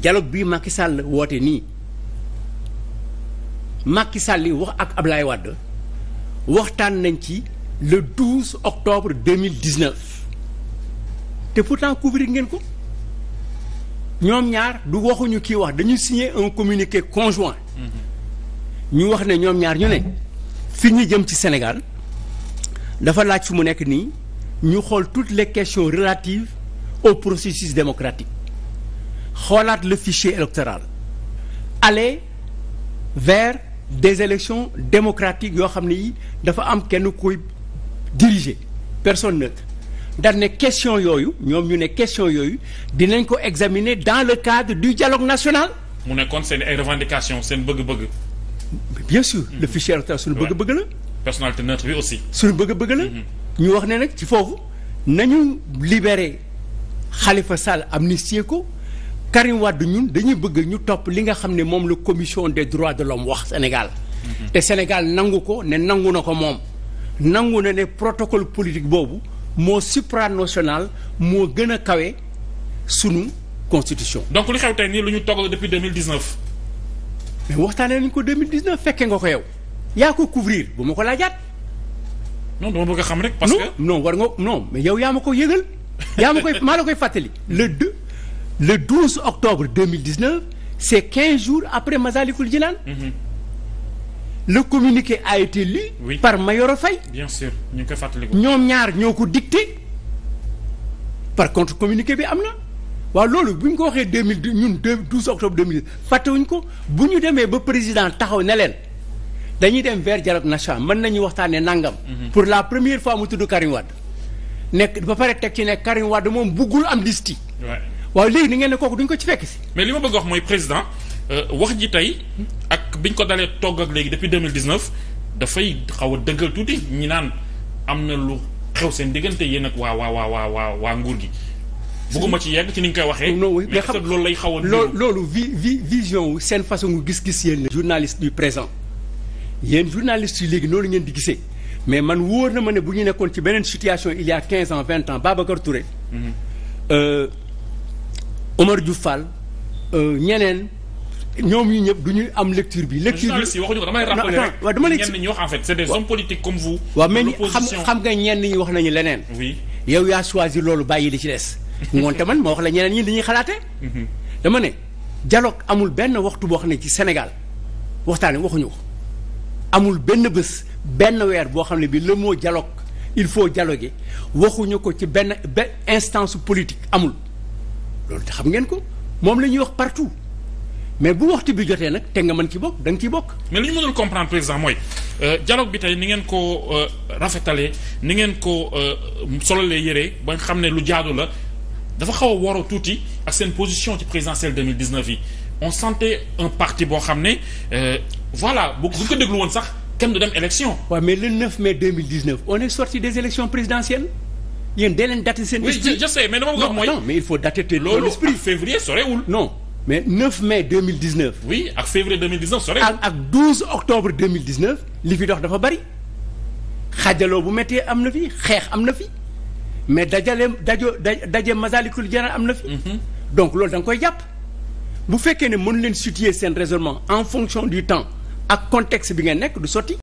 dialogue bii Macky Sall woote nii Macky Sall wax ak Ablaye Wade waxtaan nañ ci le 12 octobre 2019 te pourtant couvrir ngeen ko ñoom ñaar du waxuñu kii wax dañu signer un communiqué conjoint ñu wax ne ñoom ñaar ñu ne fi ñu jëm ci Sénégal dafa laaj fu mu nekk nii ñu xool toutes les questions relatives au processus démocratique xoolaat le fichier électoral aller vers des élections démocratiques yoo xam ne yi dafa am kenn koy diriger personne neutre dañ ne question yooyu ñoom ñu ne question yooyu dinañ ko examiner dans le cadre du dialogue national. mu nekkoon seen ay revendications seen bëgg-bëgg. bien sûr le mhm. fichier électoral suñu bëgg-bëgg la. personnalité neutre bi aussi. suñu bëgg-bëgg la. Mhm. ñu wax ne nag ci foofu nañu libere xalifa Sall amnistier ko. Karim Wade ñun dañuy bëgg ñu topp li nga xam ne moom la commission des droits de l'homme wax Sénégal mhm. te Sénégal nangu ko ne nangu na ko moom nangu na ne protocole politique boobu moo supranational moo gën a kawe sunu constitution. donc lu xew tey nii lu ñu togg depuis 2019. mais waxtaanee nañu ko 2019 fekkee nga ko yow yaa ko couvrir bu ma ko laajaat. non dama bëgg a xam rek. parce que non war nga non mais yow yaa ma ko yëgal. yaa ma koy maa koy fàttali le le 12 octobre 2019 c'est quinze jours après Massalikul Jinaan mhm. le communiqué a été lu oui. par Mayoro a bien sûr ñu ngi koy fàttaliku ñoom ñaar ñoo ko dicté par contre communiqué bi am na waaw loolu bu ñu ko waxee 2000 ñun 12 octobre 2010 fàttewuñ ko bu ñu demee ba président taxaw ne leen dañuy dem vers dialogue nation mën nañu waxtaanee nangam. Mhm. pour la première fois mu tudd Karim Wade nekk ba pare teg ci ne Karim Wade moom buggul amnistie. waaw léegi ni ngeen ne kooku duñ ko ci fekk si. mais li ma bëgg wax mooy président euh, wax ji tey ak biñ ko dalee togg ak léegi depuis 2019 dafay xaw dëggal tuuti ñi naan am na lu xew seen diggante yéen ak waa waa waa waa waa nguur gi. bëgguma ci yegg ci ni nga koy waxee. mais xam loolu lay xaw a. loolu vi vi vision wu seen façon wu gis-gis yéen la. journaliste du présent yéen journaliste yi léegi noonu ngeen di gisee mais man wóor na ma ne bu ñu nekkoon ci beneen situation il y a quinze ans vingt ans Babacar Touré. Mhm. Euh, Omar Diouf Fall euh, ñeneen ñoom ñi ñëpp du ñuy am lecture bi. lecture bi si waxuñu dama lay ñenn ñi wax en fait c'est des hommes politiques comme vous. waaw mais xam xam nga ñenn ñi wax nañu leneen. oui yow yaa choisir loolu bàyyi li ci des. ngoonte man ma wax la ñeneen ñi dañuy xalaatee. Mhm. dama ne jalook amul benn waxtu boo xam ne ci Sénégal waxtaane waxuñu ko amul benn bés benn weer boo xam ne bi le mot dialogue il faut dialoguer waxuñu ko ci benn benn instance politique amul. loolu te xam ngeen ko moom la ñuy wax partout mais bu waxtu bi jotee nag te nga mën ci bokk da nga ciy bokk. mais li ñu mënul comprendre président mooy euh, dialogue bi tey ni ngeen ko euh, rafetalee ni ngeen ko euh, solalee yëree ba nga xam ne lu jaadu la dafa xaw a woro tuuti ak seen position ci présidentielle 2019 yi on sentait un parti boo xam ne voilà bu bu ko déglu woon sax kenn du dem élection. waaw mais le 9 mai 2019 sorti des élections présidentielles. yéen dee leen daté seen esprit oui je sais mais dama ko wax mooy non mais il faut dater te loolu esprit février sorewul non mais 9 mai 2019. oui ak février 2019 sorewul ak ak octobre li fi dox dafa bari xajaloo bu méttee am na fi xeex am na fi mais dajale dajo daje Masaalikul Jinaan am na fi. Mhm. donc loolu da nga koy jàpp. bu fekkee ne mën leen situer seen raisonnement en fonction du temps ak contexte bi nga nekk du sotti.